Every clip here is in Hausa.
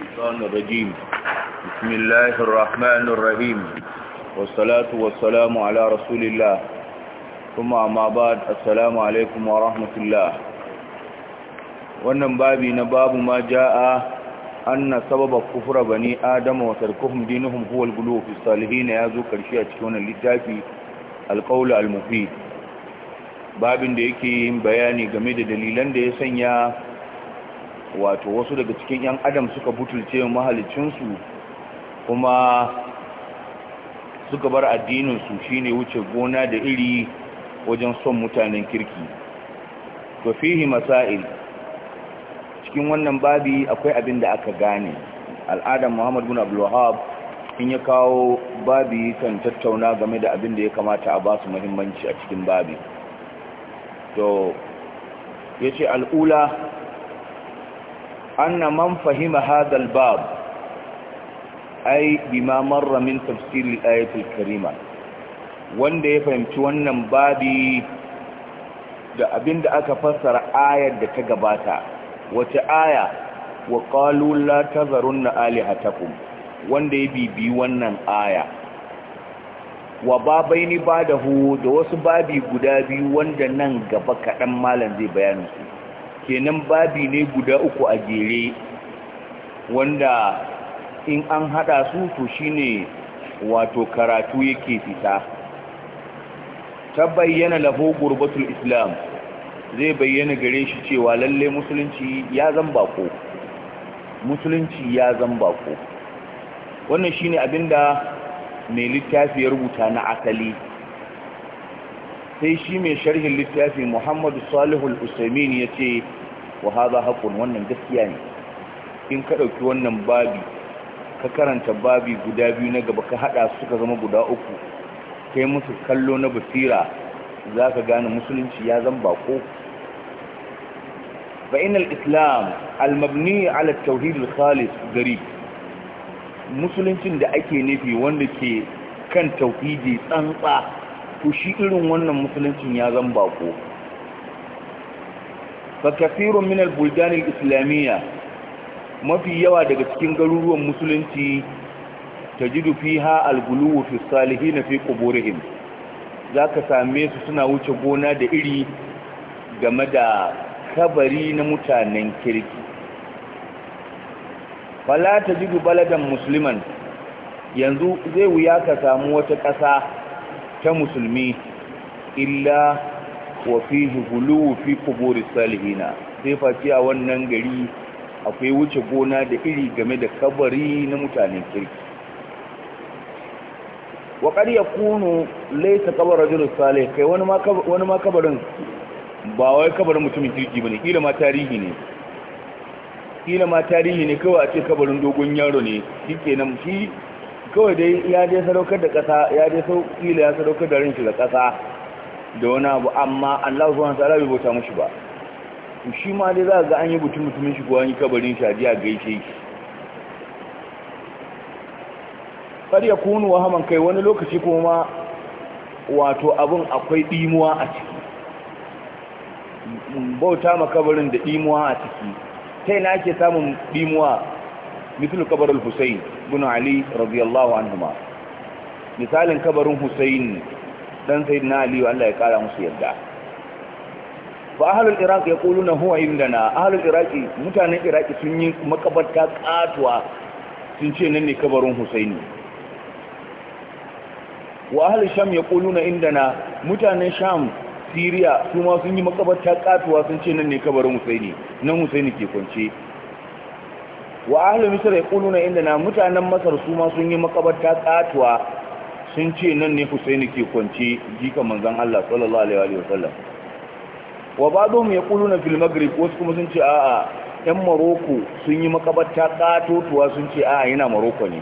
الشيطان الرجيم بسم wannan babi na babu ma ja'a anna sababa kufra bani adama wa tarkuhum dinuhum huwa al-ghulu fi salihin yazo a cikin wannan littafi al-qawl al babin da yake yin bayani game da dalilan da ya sanya wato wasu daga cikin yan adam suka butulce mahalicinsu kuma suka bar addininsu shine wuce gona da iri wajen son mutanen kirki to fihi masail cikin wannan babi akwai abin da aka gane al'adar muhammad bin abdullahab in ya kawo babi kan tattauna game da abin da ya kamata a ba su muhimmanci a cikin babi to ya ce al'ula Hannaman man fahima hadha al-bab ay bima marra min tafsir wanda ya fahimci wannan babi da abinda aka fassara ayar da ta gabata wace aya wa qalu la tazarunna alihatakum wanda ya bibi wannan aya wa babaini badahu da wasu babi guda biyu wanda nan gaba kaɗan malam zai bayanin su kenan babi ne guda uku a gere, wanda in an hada su to shine wato karatu yake fita ta bayyana lahu gurbatul islam zai bayyana gare shi cewa lalle musulunci ya zamba ko musulunci ya zamba ko wannan shine abinda mai littafi ya rubuta na asali sai shi mai sharhin littafi muhammadu salihul usaimin ya ce wa haza haƙun wannan gaskiya ne in ka ɗauki wannan babi ka karanta babi guda biyu na gaba ka haɗa suka zama guda uku kai musu kallo na basira za ka gane musulunci ya zan bako فإن الإسلام المبني على التوحيد الخالص غريب musuluncin da ake nufi wanda ke kan tauhidi tsantsa to shi irin wannan musuluncin ya zan bako fa kafirun min islamiyya mafi yawa daga cikin garuruwan musulunci tajidu fiha al-guluwu fi salihin fi quburihim zaka same su suna wuce gona da iri game da kabari na mutanen kirki fala tajidu baladan musulman, yanzu zai wuya ka samu wata ƙasa ta musulmi illa wa fi hulu fi kuburi salihina sai faci a wannan gari akwai wuce gona da iri game da kabari na mutanen kirki wa ƙar ya kunu laisa kabar rajulun salih kai wani ma kabarin ba wai kabarin mutumin kirki ba ne ƙila ma tarihi ne ƙila ma tarihi ne kawai a ce kabarin dogon yaro ne shi kenan shi kawai dai ya dai sadaukar da ƙasa ya dai sauƙi da ya sadaukar da ranki da ƙasa da wani abu amma Allah subhanahu wataala bai bauta mushi ba to shi ma dai za ga an yi butun mutumin shi ko an yi kabarin shi a gaishe shi kar ya kunu wa haman kai wani lokaci kuma wato abin akwai ɗimuwa a ciki bauta ma kabarin da ɗimuwa a ciki ta na ake samun ɗimuwa مثل قبر الحسين بن علي رضي الله عنهما مثال قبر حسين دان سيدنا علي والله يقال musu yadda فأهل العراق يقولون هو عندنا أهل العراق متان العراق sun yi makabarta katuwa sun ce nan ne kabarin Husaini wa ahli sham yaquluna indana mutanen sham Siriya, su ma sun yi ce nan ne kabarin Husaini Husaini ke kwance wa ahli misr yaquluna inna mutanen masar su ma sun yi makabarta katuwa sun ce nan ne Husaini ke kwance jika manzon Allah sallallahu alaihi wa sallam wa ba'dhum yaquluna fil maghrib wasu kuma sun ce a'a ɗan Maroko sun yi makabarta katotuwa sun ce a'a yana Maroko ne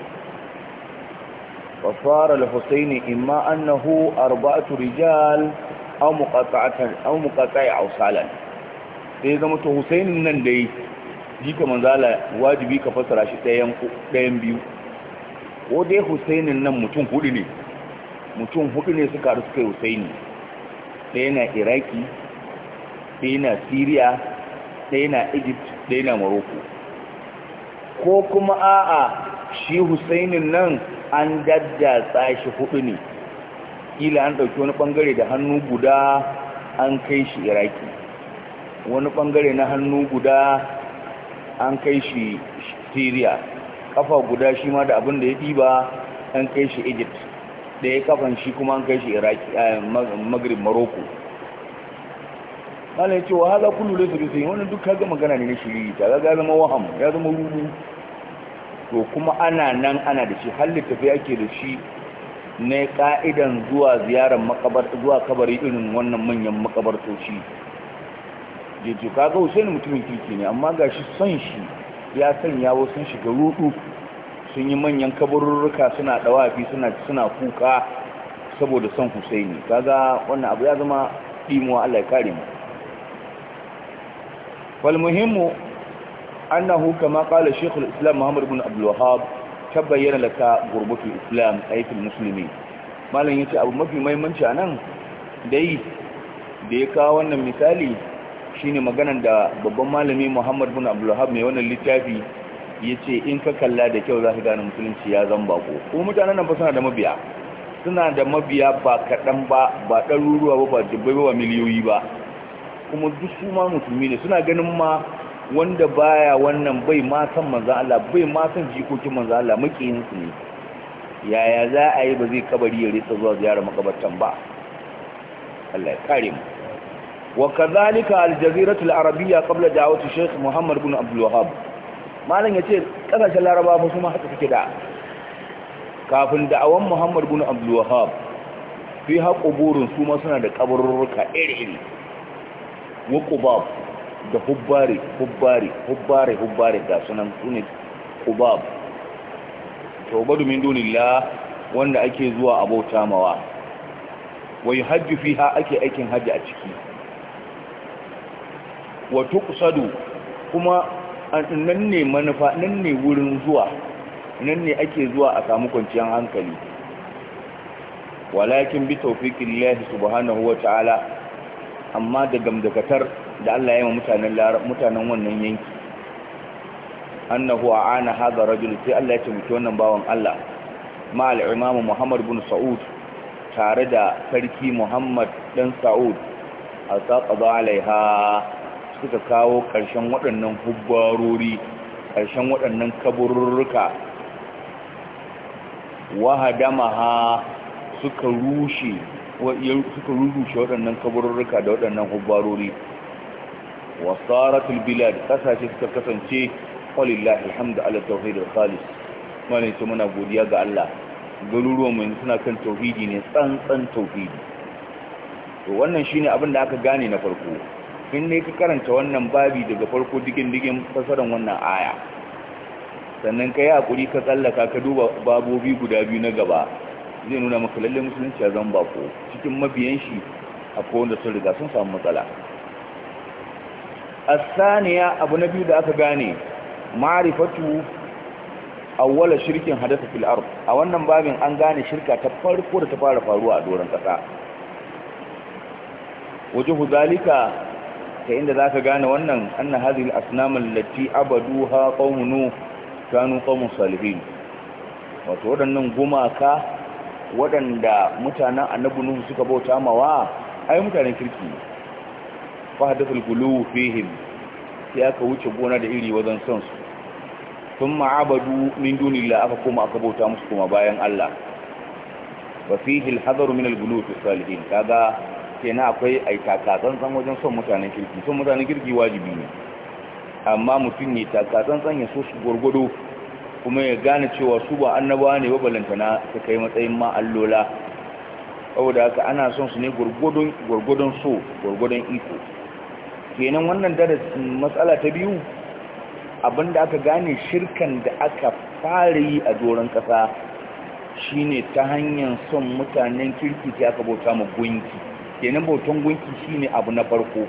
wa fara al Husaini imma annahu arba'atu rijal aw muqata'atan aw muqata'i salan sai zama to Husainin nan dai jika manzala wajibi ka fasara shi ɗayan biyu ko dai husainin nan mutum hudu ne mutum hudu ne suka haɗu suka yi husaini ɗaya na iraki ɗaya na Siriya, ɗaya na egypt ɗaya na morocco ko kuma a'a shi husainin nan an daddatsa shi hudu ne Ila an ɗauki wani ɓangare da hannu guda an kai shi iraki wani ɓangare na hannu guda an kai shi syria kafa guda shi ma da abin da ya ɗiba an kai shi egypt da ya kafan shi kuma an kai shi iraki a eh, magrib morocco ce wa hala kullu da sulusi wani duk kaga magana ne na shiri ta ga zama waham ya zama rubu to kuma ana nan ana da shi har tafiya ake da shi ne ka'idan zuwa ziyarar makabar zuwa kabari irin wannan manyan makabartoci jejo kaga husaini mutumin kirki ne amma ga shi son shi ya sanya wasu sun shiga rudu sun yi manyan kabarurruka suna dawafi suna suna kuka saboda son ne kaga wannan abu ya zama dimuwa Allah ya kare mu wal muhimmu annahu kama qala shaykh al-islam muhammad ibn abdul wahhab tabayyana laka gurbatu islam ayatul musulmi malam yace abu mafi muhimmanci anan dai da ya kawo wannan misali shine maganan da babban malami Muhammad bin Abdulwahab mai wannan littafi yace in ka kalla da kyau zaka gane musulunci ya zamba ko. ko mutanen nan fa suna da mabiya suna da mabiya ba kaɗan ba ba ɗaruruwa ba ba dubbai ba miliyoyi ba kuma duk su ma musulmi ne suna ganin ma wanda baya wannan bai ma san Allah bai ma san jikokin manzan Allah makiyinsu ne yaya za a yi ba zai kabari ya risa zuwa ziyara makabartan ba Allah ya kare mu وكذلك الجزيرة العربية قبل دعوة الشيخ محمد بن عبد الوهاب malam ya ce ƙasashen laraba fa su ma haka da kafin da'awan muhammad bin abdullahab fi haƙo burin su ma suna da ƙabarurruka iri-iri wa da hubbari hubbari hubbari hubbari ga sunan sune ƙubab tauba domin dunilla wanda ake zuwa abota mawa wai hajji fi ha ake aikin hajji a ciki wato kusado kuma nan ne manufa nan ne wurin zuwa nan ne ake zuwa a samu kwanciyar hankali walakin bi tawfiqillahi subhanahu wa ta'ala amma da gamdakatar da Allah ya yi mutanen mutanen wannan yanki annahu aana hadha rajul sai Allah ya taimaki wannan bawan Allah ma al-imam Muhammad bin Sa'ud tare da sarki Muhammad dan Sa'ud asaqada alaiha suka kawo ƙarshen waɗannan hubbarori ƙarshen waɗannan kaburruka wahadamaha suka rushe suka rushe waɗannan kaburruka da waɗannan hubbarori wasaratul bilad kasashe suka kasance walillahi alhamdu ala tawhid al-khalis mana muna godiya ga Allah garuruwan mu suna kan tauhidi ne tsantsan tauhidi to wannan shine abin da aka gane na farko in ne ka karanta wannan babi daga farko digin-digin fasaran wannan aya sannan ka yi haƙuri ka tsallaka ka duba babobi guda biyu na gaba zai nuna maka lallai musulunci a zan bako cikin mabiyan shi a wanda sun riga sun samu matsala asaniya abu na biyu da aka gane ma'arifatu awwala shirkin hadasa fil a wannan babin an gane shirka ta farko da ta fara faruwa a doron kasa Wajen zalika ta inda za ka gane wannan an na hazil asnamun latti abadu ha ƙaunu kanu ƙaunu salihin wato waɗannan gumaka waɗanda mutanen annabi nuhu suka bauta mawa ai mutanen kirki Fahadda hadathul fihim sai aka wuce gona da iri wajen son su sun ma'abadu min dunillah aka koma aka bauta musu kuma bayan Allah wa fihi al-hadaru min al fi salihin kaga kenan akwai aikakatsantsan wajen son mutanen kirki son mutanen kirki wajibi ne amma mutum ne takatsantsan ya so su gwargwado kuma ya gane cewa su ba annabawa ne na, su kai matsayin ma allola saboda haka ana son su ne gwargwadon so gwargwadon iko kenan wannan darasin matsala ta biyu abinda aka gane shirkan da aka fara yi a doron kasa shine ta hanyar son mutanen kirki ta aka bauta ma gunki kenan bautan gunki shine abu na farko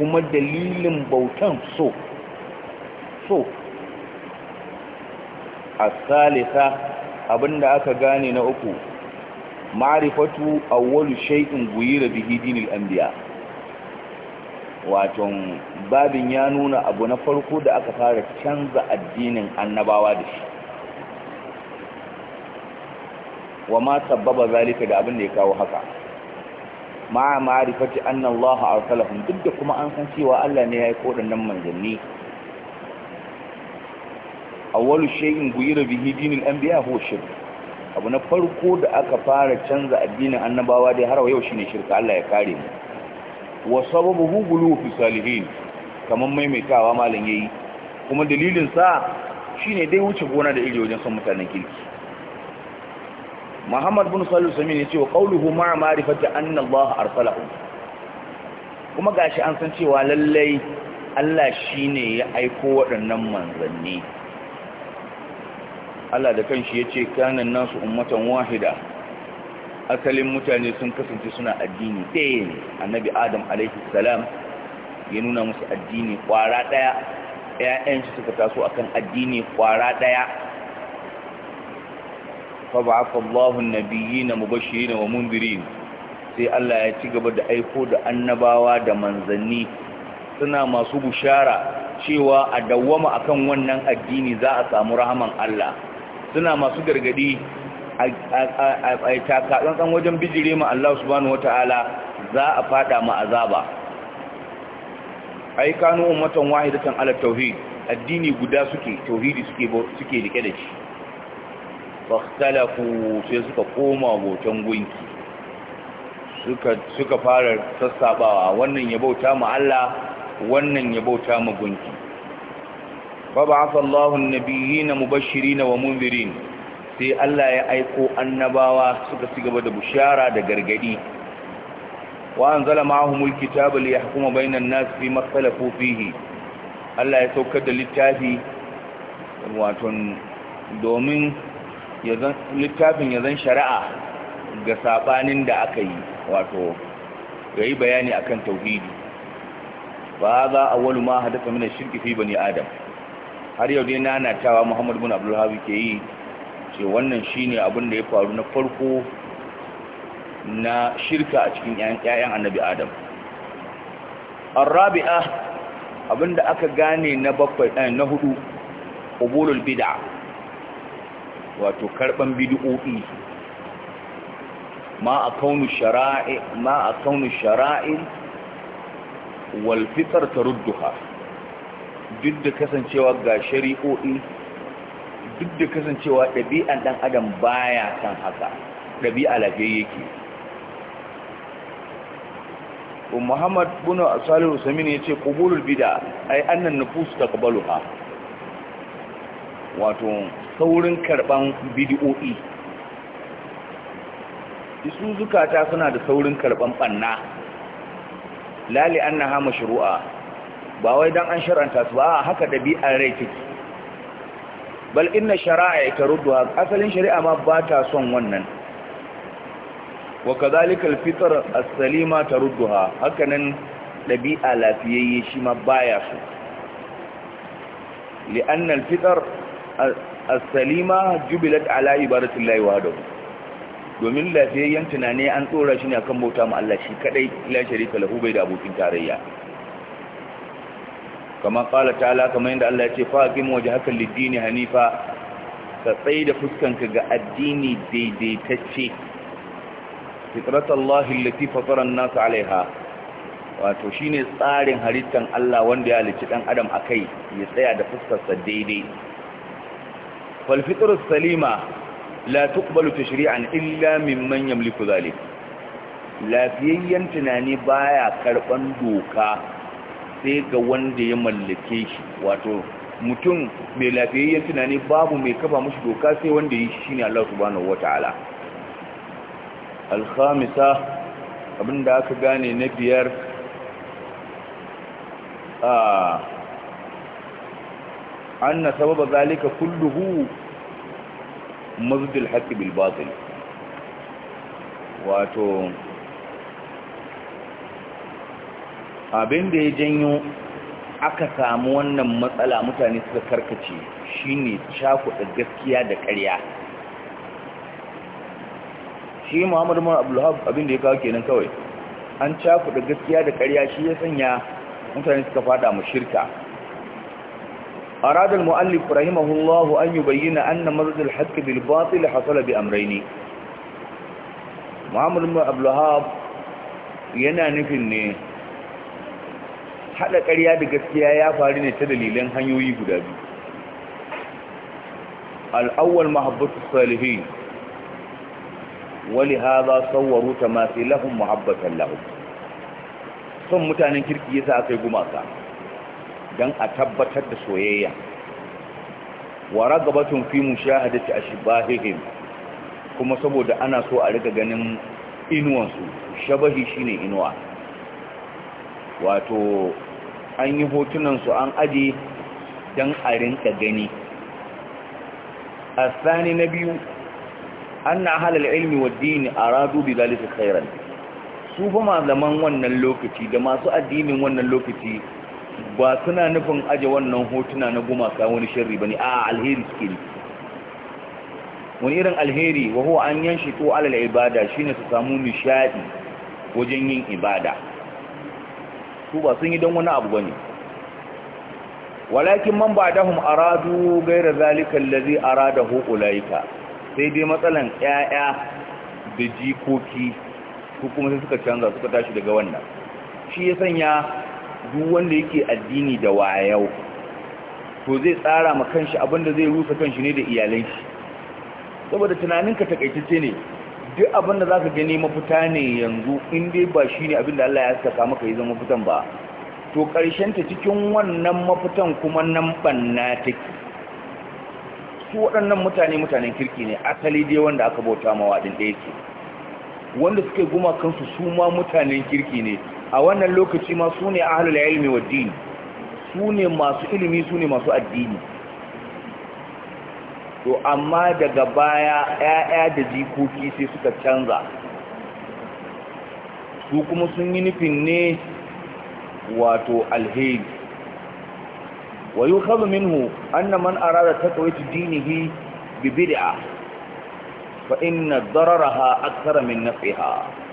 kuma dalilin bautan so so asalisa abinda aka gane na uku ma'rifatu awwalu shay'in guyira bihi dinil anbiya waton babin ya nuna abu na farko da aka fara canza addinin annabawa da shi wa ma sabbaba zalika da abin da ya kawo haka ma ma'arifati annallahu Allah arsalahum duk da kuma an san cewa Allah ne yayi kodannan manzanni awwalu shay'in guyira bihi dinul anbiya huwa shirk abu na farko da aka fara canza addinin annabawa dai har yau shine shirka Allah ya kare mu wa sababuhu fi salihin kaman maimaitawa malam yayi kuma dalilin sa shine dai wuce gona da iri wajen son mutanen kirki muhammad bin sallu sami ne cewa ƙauluhu ma ma'arifata annan ba arsalahu kuma gashi an san cewa lallai allah shi ne ya aiko waɗannan manzanni allah da kanshi ya ce kanan nasu ummatan wahida asalin mutane sun kasance suna addini ɗaya ne annabi adam alaihi salam ya nuna musu addini ƙwara ɗaya ‘ya'yansu suka taso akan addini ƙwara ɗaya فبعث الله النبيين مبشرين nabiyina mubashirin sai Allah ya ci gaba da aiko da annabawa da manzanni suna masu bushara cewa a dawwama akan wannan addini za a samu rahaman Allah suna masu gargadi a takatsantsan wajen bijire ma Allah subhanahu wata'ala za a fada ma azaba ai kanu ummatan wahidatan ala tauhid addini guda suke tauhidi suke suke rike da shi fahtalafu sai suka koma bautan gunki suka fara sassabawa wannan ya bauta ma Allah wannan ya bauta ma gunki fab'atha Allahu an-nabiyina mubashirin wa munzirin sai Allah ya aiko annabawa suka ci gaba da bushara da gargadi wa anzala ma'ahumul kitaba liyahkuma bainan nas fi ma ikhtalafu fihi Allah ya saukar da littafi wato domin littafin ya zan shari'a ga saɓanin da aka yi wato ga yi bayani a kan tauhidi ba za a wani ma haddasa mina shirki fi bani adam har yau dai nanatawa muhammadu bin abdullahi ke yi ce wannan shine abin da ya faru na farko na shirka a cikin 'ya'yan annabi adam Rabi'a abinda aka gane na bakwai eh, na hudu ubulul bidaa wato karban bid'o'i ma a kaunu shara'i ma a kaunu shara'i wal fitar tarudduha duk da kasancewa ga shari'o'i duk da kasancewa ɗabi'an ɗan adam baya kan haka ɗabi'a lafiya yake muhammad bin salihu samini ya ce ƙubulul bida ai annan nufus ta ƙabaluha wato saurin karban bidiyo'i su zukata suna da saurin karban banna lali an na hama ba wai don an sharanta su ba haka ɗabi'ar rai take bal inna shari'a ita rudduwa asalin shari'a ma ba ta son wannan wa kazalikal fitar as-salima tarudduha hakanan ɗabi'a lafiyayye shi ma baya so Li'annan fitar as-salima jubilat ala ibaratillahi wahdahu domin lafiyayyen tunani an tsora shi ne akan bauta ma Allah shi kadai la sharika lahu bai da abokin tarayya Kamar qala ta'ala kamar yadda Allah ya ce fa mu wajhaka lid-dini hanifa ka tsaye da fuskanka ga addini daidaitacce fitratallahi allati fatara an-nas 'alayha wato shine tsarin halittar Allah wanda ya halicci dan adam a kai ya tsaya da fuskarsa daidai فالفطر السليمة لا تقبل تشريعا إلا ممن يملك ذلك لا فيين تناني بايا كربان دوكا سيغا وند يملكيش واتو mutum mai lafiyayyen tunani babu mai kafa mashi doka sai wanda yi shi ne Allah subhanahu wataala alhamisa abinda aka gane na biyar a أن سبب ذلك كله mazdul الحق بالباطل واتو wato abin da ya janyo aka samu wannan matsala mutane suka karkace shine cakuɗa gaskiya da ƙarya shi muhammadu mara abdullahab abin da ya kawo kenan kawai an cakuɗa gaskiya da ƙarya shi ya sanya mutane suka fada mu shirka أراد المؤلف رحمه الله أن يبين أن مرض الحق بالباطل حصل بأمرين معمر بن عبد الوهاب ينا في النية حتى قريبا قسيايا فارين تدليلين هن يويب دابي الأول محبة الصالحين ولهذا صوروا تماثيلهم محبة لهم ثم متعنى كيركي يساقي قماثا don a tabbatar da soyayya wa ragabatun fi mushahadati ashbahihim kuma saboda ana so a riga ganin inuwan inuwansu shabahi shine inuwa wato an yi hotunan su an aje don a rinka gani anna نبي أن أهل العلم aradu bi بذلك khairan su fa malaman wannan lokaci da masu addinin wannan lokaci ba suna nufin aje wannan hotuna na gumaka wani sharri bane a alheri suke ne wani irin alheri wa huwa an yanshi ko alal ibada shine su samu nishadi wajen yin ibada su ba sun yi don wani abu bane walakin man ba'dahum aradu ghayra zalika allazi aradahu ulaika sai dai matsalan 'ya'ya da jikoki su kuma sai suka canza suka tashi daga wannan shi ya sanya duk wanda yake addini da wayau to zai tsara ma kanshi abinda zai rusa kanshi ne da iyalan shi saboda tunaninka takaitacce ne duk abinda zaka ka gani mafita ne yanzu in dai ba shi ne abinda Allah ya saka maka yi zama mafitan ba to ta cikin wannan mafitan kuma nan banna take su waɗannan mutane mutanen kirki ne asali dai wanda aka bauta ma waɗin da yake wanda suke guma kansu su ma mutanen kirki ne a wannan lokaci ma su ne ahalul ilmi wa dini su ne masu ilimi su ne masu addini to amma daga baya 'ya'ya da jikoki sai suka canza su kuma sun yi nufin ne wato alheri wa yi hazu minhu anna man arada takawaita dinihi bi bid'a fa inna dararaha akthara min nasiha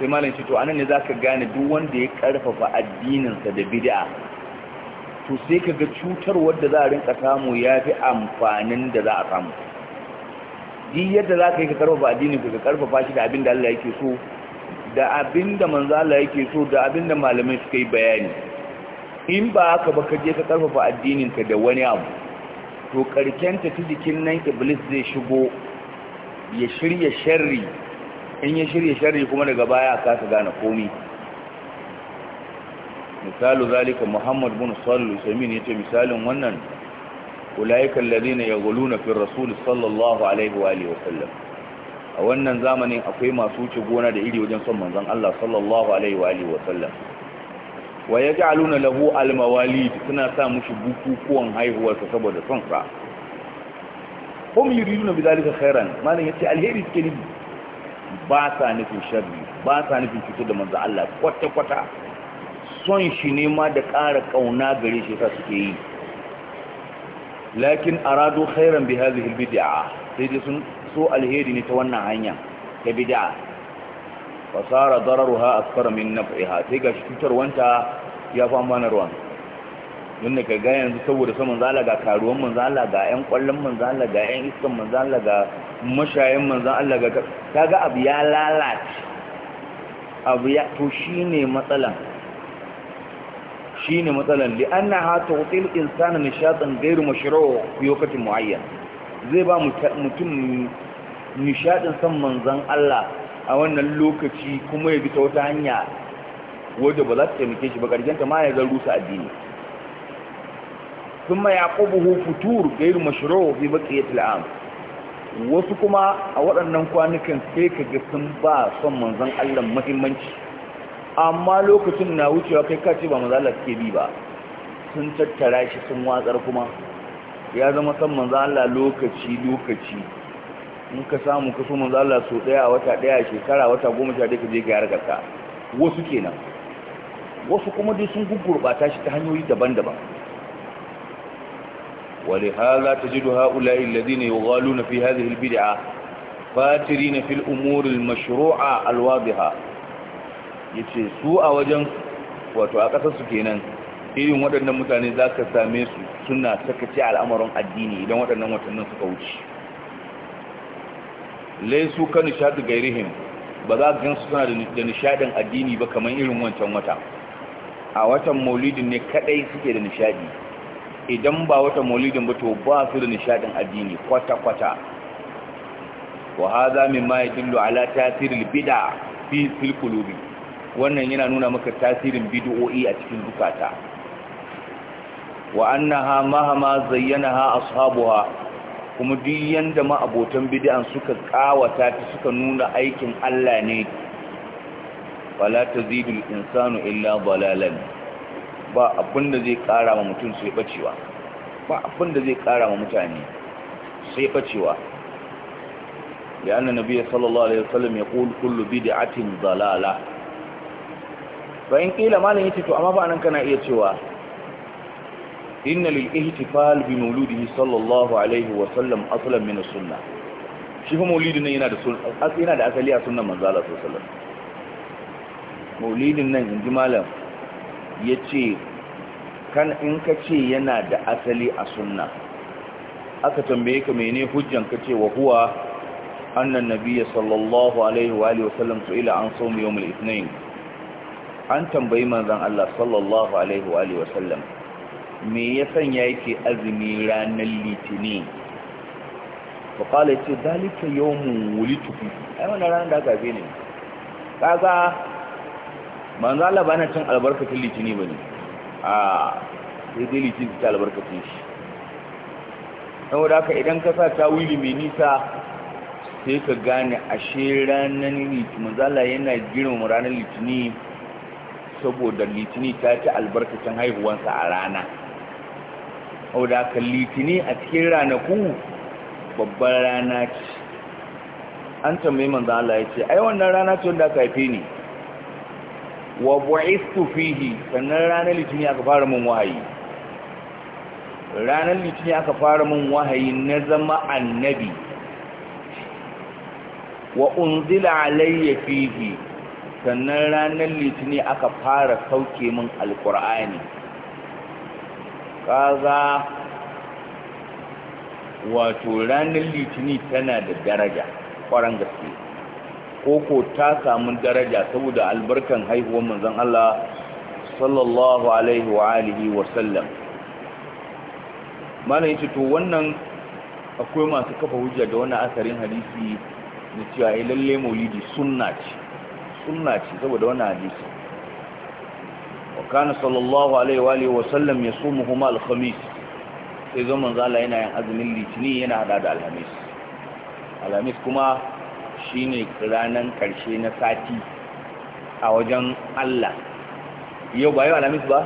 sai malam ce to anan ne zaka gane duk wanda ya karfafa addininsa da bid'a to sai kaga cutar wanda za a rinka samu yafi amfanin da za a samu din yadda za yi ka karfafa addinin ka karfafa shi da abin da Allah yake so da abin da manzo Allah yake so da abin da malamai suka yi bayani in ba haka ba ka je ka karfafa addinin ka da wani abu to karkenta ta jikin nan iblis zai shigo ya shirya sharri in ya shirya sharri kuma daga baya a kasa gane komi misalu zalika muhammad bin sallu samin ce misalin wannan ulaiikal ladina yaghuluna fi rasul sallallahu alaihi wa sallam, a wannan zamanin akwai masu wuce gona da iri wajen son manzan Allah sallallahu alaihi wa sallam, alihi wasallam wa yaj'aluna lahu almawalid suna sa mushi bukukuwan haihuwarsa saboda son sa hum yuriduna bidhalika khairan ya ce alheri suke nufi ba sa nufin sharri ba sa nufin cutar da manzo Allah kwata-kwata son shi ne ma da ƙara ƙauna gare shi sa suke yi lakin arado khairan bi hadhihi albid'a sai dai sun so alheri ne ta wannan hanya ta bid'a fasara dararuha akthar min naf'iha sai ga cutar wanta ya fa amana ruwan don da ga yanzu saboda saman zala ga karuwan Allah ga 'yan kwallon Allah ga 'yan iskan Allah ga mashayin Allah ga kaga abu ya lalace abu ya to shi ne matsalan shi ne matsalan li'anna ha ta insana nishatan gairu fi yokatin mu'ayyan zai ba mutum nishadin san manzan Allah a wannan lokaci kuma ya bi ta wata hanya wadda ba za ta taimake shi ba ƙarshenta ma ya zan rusa addini ثم يعقبه فتور غير مشروع في بقية العام wasu kuma a waɗannan kwanukan sai ka ga sun ba son manzon Allah muhimmanci amma lokacin na wucewa kai ka ce ba manzon Allah suke bi ba sun tattara shi sun watsar kuma ya zama son manzon Allah lokaci lokaci in ka samu ka so manzon Allah so daya wata daya shekara wata goma sha daya ka je ka yarda ka wasu kenan wasu kuma dai sun gurgurbata shi ta hanyoyi daban-daban ولهذا تجد هؤلاء الذين يغالون في هذه البدعة فاترين في الأمور المشروعة الواضحة yace su a wajen wato a ƙasarsu kenan irin waɗannan mutane za ka same su suna sakaci al'amarin addini idan waɗannan watannin suka wuce laisu ka nishadu gairihim ba za ka gansu suna da nishaɗin addini ba kamar irin wancan wata a watan maulidi ne kaɗai suke da nishadi idan ba wata maulidin ba to ba su da nishadin addini kwata-kwata wa hadha mimma yadullu ala tasiril bid'a fi fil qulubi wannan yana nuna maka tasirin bid'o'i a cikin zukata wa annaha mahama zayyanaha ashabuha kuma duk yanda ma abotan bid'an suka kawata ta suka nuna aikin Allah ne wala tazidul insanu illa dalalan ba abinda zai kara ma mutum sai bacewa ba abin da zai ƙara ma mutane sai bacewa ya annan nabi sallallahu alaihi wasallam ya qul kullu bid'atin dalala bayan kila malam yace to amma ba nan kana iya cewa inna lil ihtifal bi mawludihi sallallahu alaihi wasallam aslan min as-sunnah shi fa maulidin nan yana da yana da asali a sunnan manzo Allah sallallahu alaihi wasallam maulidin nan inji malam ya ce kan in ka ce yana da asali a sunna aka tambaye ka mene hujjan ka ce wa huwa annan Nabiya sallallahu alaihi wa alihi wasallam su'ila an sawm yawm al-ithnain an tambayi manzon Allah sallallahu alaihi wa alihi wasallam me ya sanya yake azumi ranar litini fa qala ce dalika yawmun wulitu fi ai wannan ranar da aka ne kaga manzo Allah ba na cin albarkacin litini bane a sai dai litini ta albarkacin shi saboda haka idan ka sa tawili mai nisa sai ka gane ashe ranar litini Allah yana girma ranar litini saboda litini ta ci albarkacin haihuwansa a rana saboda da litini a cikin ranaku babbar rana ce an tambayi manzo Allah ya ce ai wannan rana ce wanda aka haife ni wa bu'istu fihi sannan ranar litini aka fara mun wahayi ranar litini aka fara mun wahayi na zama annabi wa unzila alayya fihi sannan ranar litini aka fara sauke mun alqur'ani kaza wato ranar litini tana da daraja ƙwarar gaske Koko ta samu daraja saboda albarkan haihuwar manzon Allah sallallahu alaihi wa alihi wa sallam malai ce to wannan akwai masu kafa hujja da wannan asarin hadisi da cewa ai eh, lalle maulidi sunna ce sunna ce saboda wannan hadisi wa kana sallallahu alaihi wa alihi wa sallam yasumuhuma al-khamis sai zaman zala yana yin azumin litini yana hada da alhamis alhamis kuma shine ranar karshe na sati a wajen Allah yau ba yau alamis ba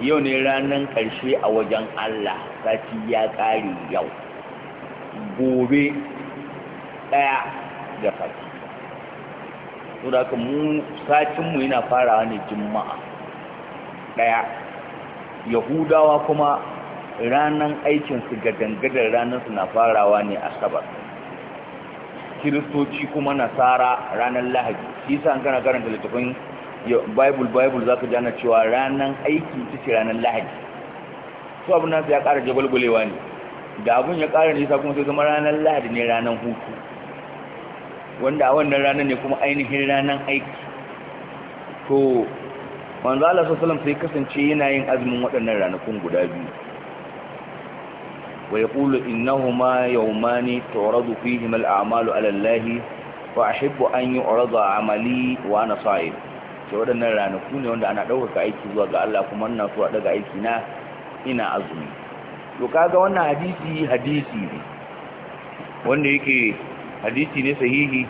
yau ne ranar karshe a wajen Allah sati ya ƙare yau gobe ɗaya da sati to da haka mu satinmu yana farawa ne juma'a ɗaya yahudawa kuma ranar aikinsu ga ranar ranarsu na farawa ne asabar kiristoci kuma nasara ranar lahadi shi sa an kana karanta littafin bible bible za ka ji ana cewa ranar aiki ita ce ranar lahadi su abin nasu ya ƙara jabalgulewa ne da abin ya ƙara nisa kuma sai zama ranar lahadi ne ranar hutu wanda a wannan ranar ne kuma ainihin ranar aiki to manzo Allah sallallahu alaihi wasallam sai kasance yana yin azumin waɗannan ranakun guda biyu ويقول إنهما يومان تعرض فيهما الأعمال على الله فأحب أن يعرض عملي وأنا صائم waɗannan ranaku ne wanda ana ɗaukaka aiki zuwa ga Allah kuma ina so daga aiki na ina azumi to kaga wannan hadisi hadisi ne wanda yake hadisi ne sahihi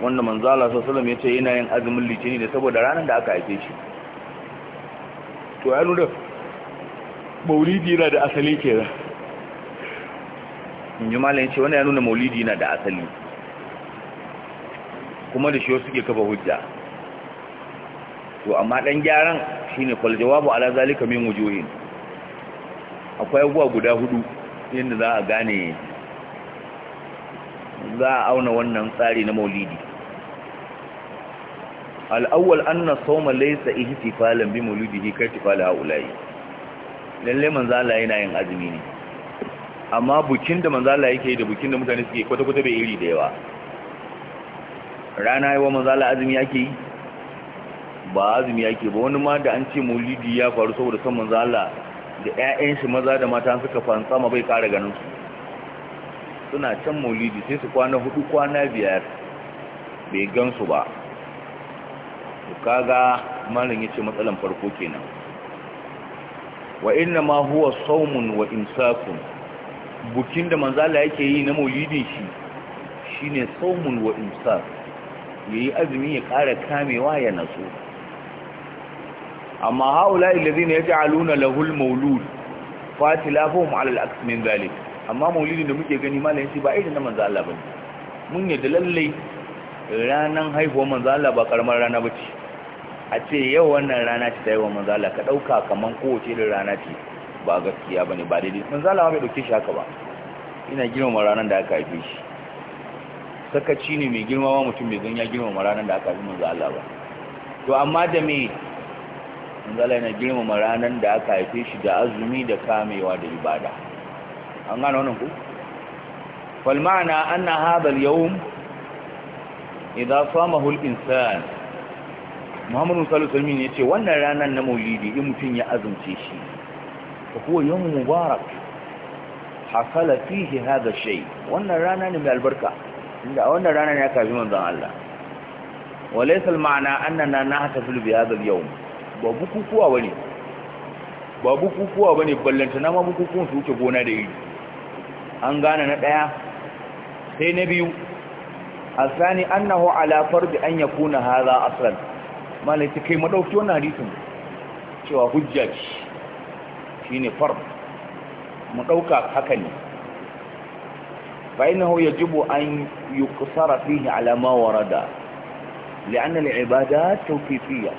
wanda manzo Allah sallallahu alaihi wasallam yace yana yin azumin litini da saboda ranar da aka haife shi to ya nuna maulidi yana da asali kenan in ji malayin ce wani ya nuna maulidi na da asali kuma da shi suke kafa hujja to amma dan gyaran shine kwallo, jawabu ala zalika min wujuhin akwai abubuwa guda hudu yadda za a gane za a auna wannan tsari na maulidi al'awwal anna sawma laysa ihtifalan bi maulidihi ka ihtifal haula'i lalle manzala yana yin azumi ne amma bukin da manzala yake yi da bukin da mutane suke kwata-kwata bai iri da yawa rana yawa manzala azumi yake yi ba azumi yake ba wani ma da an ce maulidi ya faru saboda son manzala da 'ya'yan shi maza da mata suka ma bai kara ganin su suna can maulidi sai su kwana hudu kwana biyar bai gansu ba kaga malin yace matsalan farko kenan wa inna ma huwa sawmun wa imsakun bukin da manzala yake yi na maulidin shi shine saumun wa imsar yayi azumi ya ƙara kamewa ya naso amma haula alladhina yaj'aluna lahul maulud fatilafuhum ala al-aks min Gali. amma maulidin da muke gani malamin shi ba da na Manzala Allah bane mun yadda lalle ranan haihuwar Manzala Allah ba karamar rana bace a ce yau wannan rana ce ta haihuwar Manzala ka ɗauka kaman kowace da rana ce ba gaskiya bane ba daidai manzo zalawa bai dauke shi haka ba ina girmama ranar da aka haife shi sakaci ne mai girmama mutum bai ganya girmama ranar da aka haife manzo Allah ba to amma da me manzo Allah yana girmama ranar da aka haife shi da azumi da kamewa da ibada an gane wannan ku an ma'ana anna hadha al-yawm idza samahu al-insan Muhammadu Sallallahu Alaihi Wasallam ya ce wannan ranar na Maulidi in mutum ya azumce shi فهو يوم مبارك حصل فيه هذا الشيء وانا رانا نمي البركة وانا رانا نعكا في منظم الله وليس المعنى أننا نحتفل بهذا اليوم وبكوكوا ولي ba bukukuwa ba ne ballantana ma bukukuwan su wuce gona da yi an gane na ɗaya sai na biyu a sani an alafar da an ya kuna haza asal malai ta kai maɗauki wannan shine farb mu ɗauka haka ne fa innahu yajibu an yuqsara fihi ala ma warada li'anna al'ibadat tawqifiyya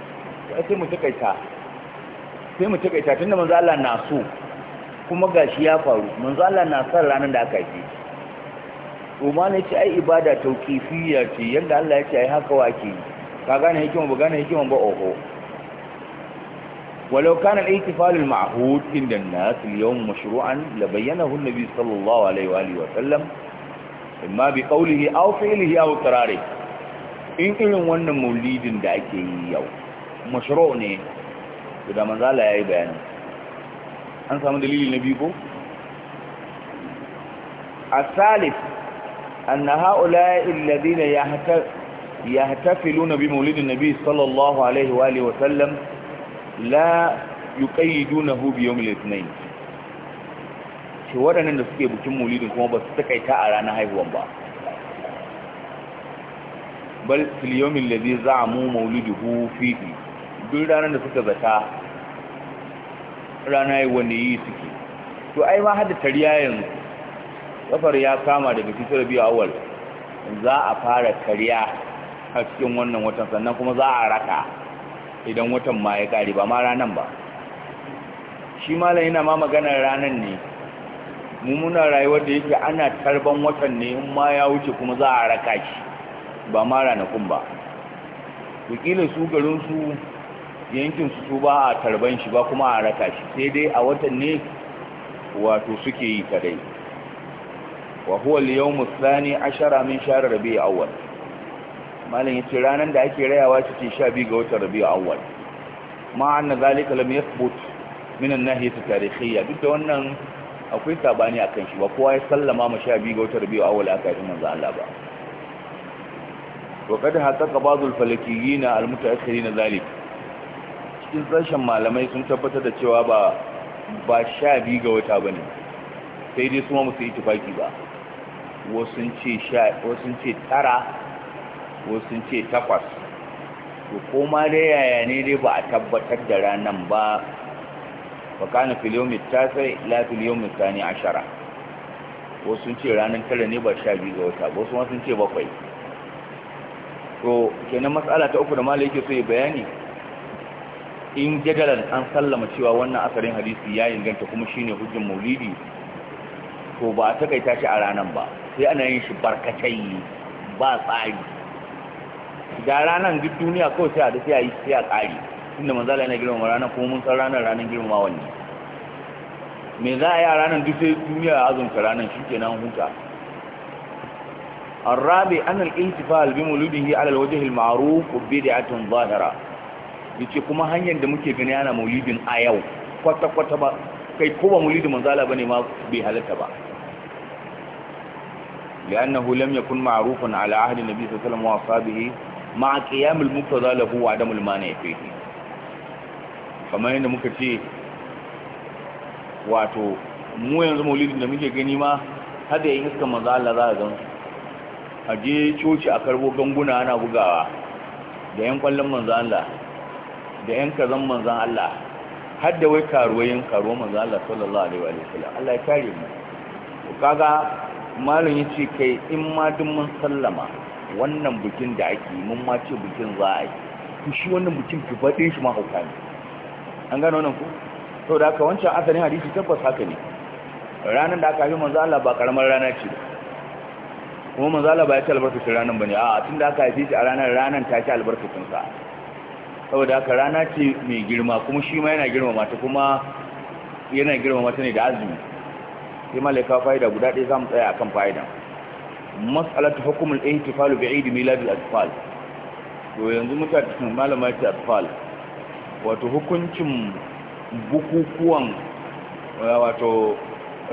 sai mu takaita sai mu takaita tunda manzo Allah na so kuma gashi ya faru manzo Allah na san ranar da aka yi umma ne ce ai ibada tawqifiyya ce yanda Allah ya ce ai haka ke. ka gane hikima ba gane hikima ba oho ولو كان الاحتفال المعهود عند الناس اليوم مشروعا لبينه النبي صلى الله عليه وآله وسلم إما بقوله أو فعله أو قراره in irin wannan maulidin da ake yi yau mashiro ne da manzala ya yi bayani an samu dalili na biyu ko? a salif an na ha'ula illadina ya hatafilu na bi maulidin nabi sallallahu alaihi wa sallam la yuqayyidunahu bi yawmil ithnain shi wadannan da suke bikin maulidin kuma ba su takaita a ranar haihuwan ba bal fil yawmil ladhi za'amu mauliduhu fihi duk ranar da suka zata rana haihuwan ne yi suke to ai ma hada tariya yanzu safar ya kama daga cikin biyu awal za a fara tariya a cikin wannan watan sannan kuma za a raka idan watan ma ya kare ba ma ranan ba shi malam yana ma maganar ranan ne mu rayuwar da yake ana tarban watan ne in ma ya wuce kuma za a raka shi ba ma ranakun ba wakilin su garin su yankin su su ba a tarban shi ba kuma a raka shi sai dai a watan ne wato suke yi kadai wa huwa al-yawm thani 'ashara min shahr rabi'ul awwal malin yace ranan da ake rayawa shi ce 12 ga watan Rabiul Awwal ma anna zalika lam yathbut min an-nahiyat at-tarikhiyya duk da wannan akwai sabani akan shi ba kowa ya sallama ma 12 ga watan Rabiul Awwal aka yi manzo Allah ba wa kad haqqaqa ba'd al-falakiyyin al-mutaakhirin zalik cikin sashen malamai sun tabbatar da cewa ba ba 12 ga wata bane sai dai su ma musu itifaki ba wasu ce tara? ko sun ce takwas to koma dai yaya ne dai ba a tabbatar da ranar ba ba kana filiyomi ta sai la filiyomi ta ne ashara ko sun ce ranar tara ne ba sha biyu ga wata wasu ma sun ce bakwai to kenan matsala ta uku da mala yake so yi bayani in jadalar an sallama cewa wannan asarin hadisi ya inganta kuma shine hujjar maulidi to ba a takaita shi a ranar ba sai ana yin shi barkatai ba tsari da ranar duk duniya kawai sai a da sai a yi sai a ƙari inda manzo Allah yana girmama ranar ko mun san ranar ranar girmamawa ne me za a yi a ranar duk sai duniya azumta ranar shi shikenan huta الرابع أن الانتفال بمولوده على الوجه المعروف بدعة ظاهرة yace kuma hanyar da muke gani ana maulidin a yau kwata-kwata ba kai ko ba maulidin manzala bane ma bai halatta ba li'annahu lam yakun ma'rufun ala ahli nabi sallallahu alaihi wasallam wa ashabihi ma qiyamul muqtada lahu wa adamul mani fihi kamar yadda muka ce wato mu yanzu maulidin da muke gani ma har da yin iska manzo Allah za a zan a je coci a karbo ganguna ana bugawa da yan kwallon manzo Allah da yan kazan Manzan Allah har da wai karuwayin karuwa manzo Allah sallallahu alaihi wa sallam Allah ya kare mu kaga malam yace kai in ma dun mun sallama wannan bikin da ake mun ma ce bikin za a yi ku shi wannan bikin faɗe shi ma hauka ne an gano nan ku sau da aka wancan asalin hadisi tabbas haka ne ranar da aka yi manzo Allah ba karamar rana ce kuma manzo Allah ba ya ci albarkacin ranar bane a tun da aka haife shi a ranar ranar ta ci albarkacin sa saboda haka rana ce mai girma kuma shi ma yana girma mata kuma yana girma mata ne da azumi sai malaka fa'ida guda ɗaya za mu tsaya akan fa'idan mas'alatu hukumul ihtifal bi Eid milad al-atfal to yanzu mutakin cikin ce atfal wato hukuncin bukukuwan eh, wato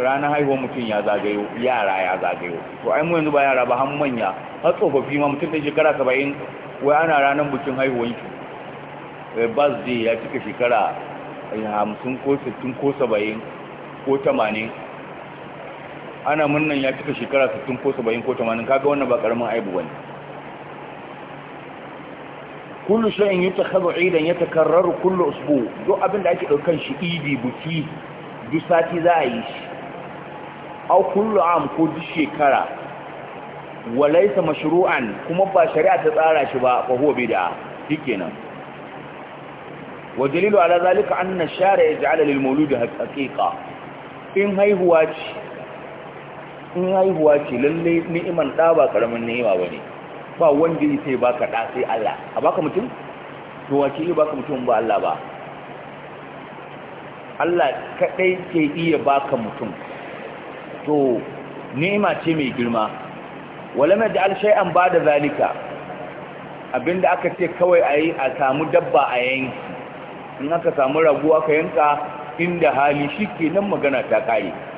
ranar haihuwar mutum ya zagayo yara ya zagayo to ai mu yanzu ba yara ba har manya har tsofaffi ma mutum ɗan shekara saba'in wai ana ranar bikin haihuwar shi eh, birthday ya cika shekara eh, hamsin ko sittin ko saba'in ko tamanin ana murnan ya cika shekara 60 ko 70 ko 80 kaga wannan ba karamin aibu bane kullu shay'in yutakhadhu 'idan yatakarraru kullu usbu duk abin da ake daukan shi idi buki duk sati za a yi shi aw kullu am ko duk shekara walaysa mashru'an kuma ba shari'a ta tsara shi ba fa huwa bid'a shikenan wa dalilu ala zalika anna shari'a ja'ala lil mawludi haqiqa in haihuwa ce in haihuwa ce lalle ni'iman ɗa ba ƙaramin ni'ima ba ne ba wanda yi sai baka ɗa sai Allah a baka mutum to wace yi baka mutum ba Allah ba Allah kaɗai ke iya baka mutum to ni'ima ce mai girma wala mai da alshai'an ba da zalika abinda aka ce kawai a yi a samu dabba a yanki in aka samu ragu aka yanka inda hali shi ke nan magana ta ƙare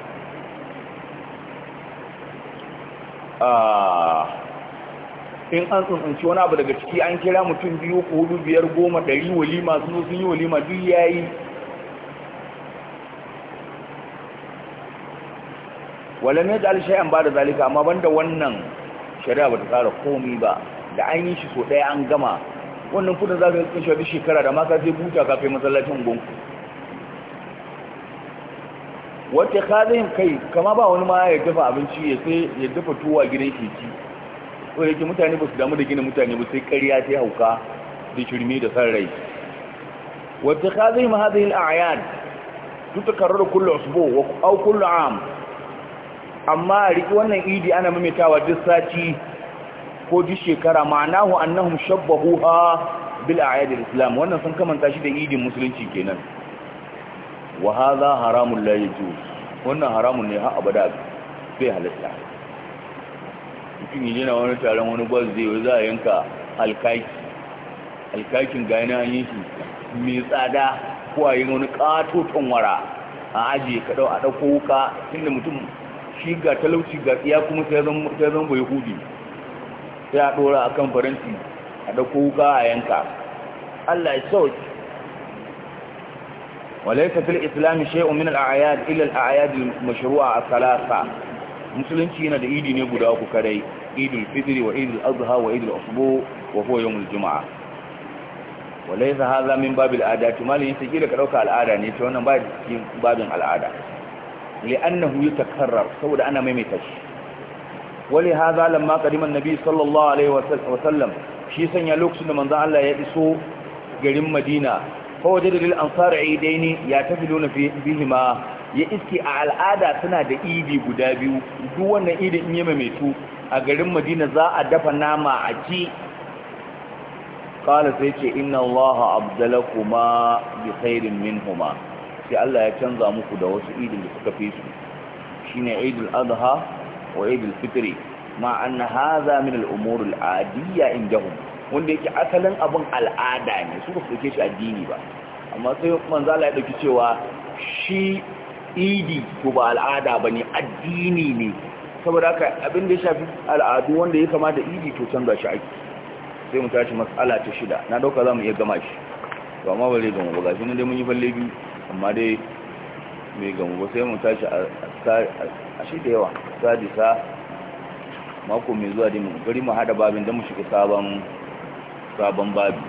Ah. in an tsuntsunci wani abu daga ciki an kira mutum biyu ko hudu biyar goma ɗari walima sun sun yi walima duk ya yi wala mai jali shayan ba da zalika amma banda wannan shari'a ba ta tsara komi ba da an yi shi so ɗaya an gama wannan kudin za su yi tsinshi shekara da maka zai buta kafin masallacin gonku. wata kazin kai kama ba wani ma ya dafa abinci ya sai ya dafa tuwa gidan shi ko yake mutane ba su damu da gina mutane ba sai ƙarya sai hauka da shirme da san rai wata kazin ma hadhihi al-a'yad tutakarar kullu usbu wa aw kullu am amma riki wannan idi ana maimaitawa duk sati ko duk shekara ma'anahu annahum shabbahuha bil a'yad al-islam wannan sun kamanta shi da idin musulunci kenan wa hadha haramun la yajuz wannan haramun ne har abada bai halatta mutum yana na wani taron wani gwaz zai yi za a yanka alkaki alkakin gani an yi shi mai tsada ko a yi wani katoton wara a ajiye ka dau a dauko wuka tunda mutum shi ga talauci ga iya kuma sai zan sai zan bai hudi sai a dora akan faranti a dauko wuka a yanka Allah ya sauki وليس في الإسلام شيء من الأعياد إلا الأعياد المشروعة الثلاثة musulunci yana da idi ne guda uku kadai idul fitri wa idul adha wa idul usbu wa huwa yawmul jumaa walaysa hadha min babil adat malin yace kila ka dauka al'ada ne to wannan ba cikin babin al'ada li'annahu yatakarrar saboda ana maimaita shi wali hadha lamma qadima an-nabi sallallahu alaihi wa sallam shi sanya lokacin da manzan Allah ya iso garin Madina fawajada lil ansar idaini ya tafi tafiluna bihima ya iske a al'ada suna da idi guda biyu duk wannan idin in yi maimaitu a garin madina za a dafa nama a ci kala sai ce inna allaha abdalakuma bi khairin minhuma sai Allah ya canza muku da wasu idin da suka fi su shine idul adha wa idul fitri ma anna hadha min al umur al adiyya indahum wanda yake asalin abin al'ada ne su ba su shi addini ba amma sai manzala ya dauki cewa shi idi to ba al'ada ba ne addini ne saboda haka abin da ya shafi al'adu wanda ya kama da idi to canza shi ake sai mu tashi matsala ta shida na dauka za mu iya gama shi ba ma ba zai gama ba gashi na dai mun yi falle biyu amma dai mai gama ba sai mu tashi a shi da yawa sadisa mako mai zuwa dai mu gari mu hada babin da mu shiga sabon sabon babi